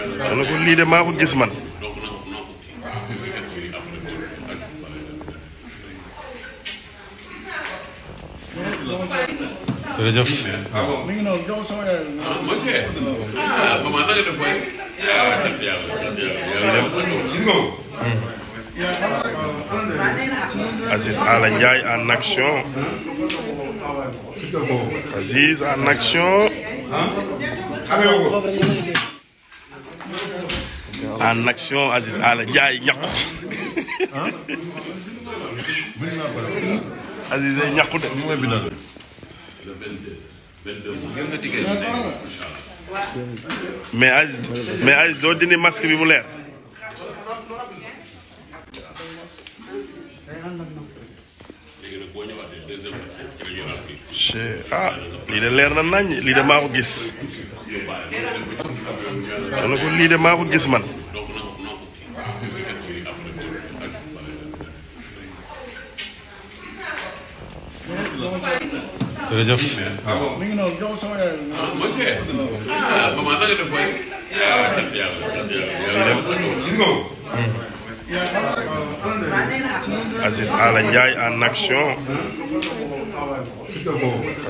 wax na ko lii de maa ko gis man jërëjëf Aziz Ala Ndiaye en action Aziz en action en action Aziz Ala Ndiaye ñàkku Aziz de mu Aziz mais Aziz doo dindi masque bi mu leer ah lii de leer na nañ lii de maa ko gis. dana ko lii de maa ko gis man. jërëjëf. mi ngi noonu jox sama yaay. ah monsieur. ah maman na nga def waay. ah sant yàlla sant yàlla. Aziz Ala Ndiaye en action.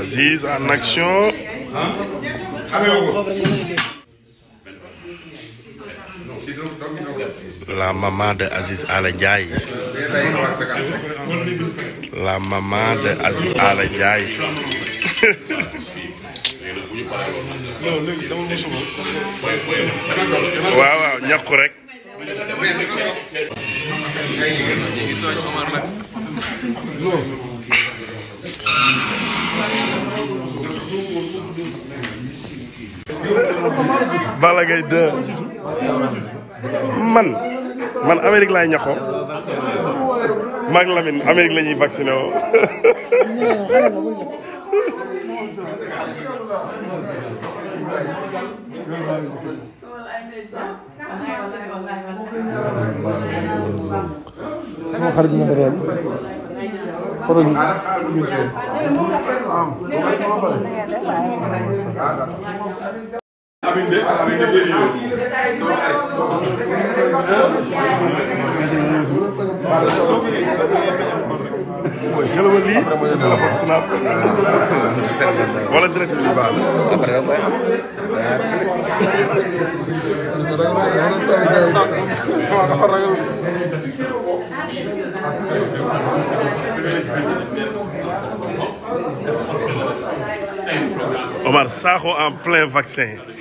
Aziz en action. La maman de Aziz Ala Ndiaye. La maman Aziz Ala Ndiaye. waaw waaw ñàkku rek. man man Amérique laay ñaxoo la ñuy vacciné woo sama Amin de Amin de jërëjëf mooy jëlawal lii wala direct bi baax na après da koy xam Omar Sakho en plein vaccin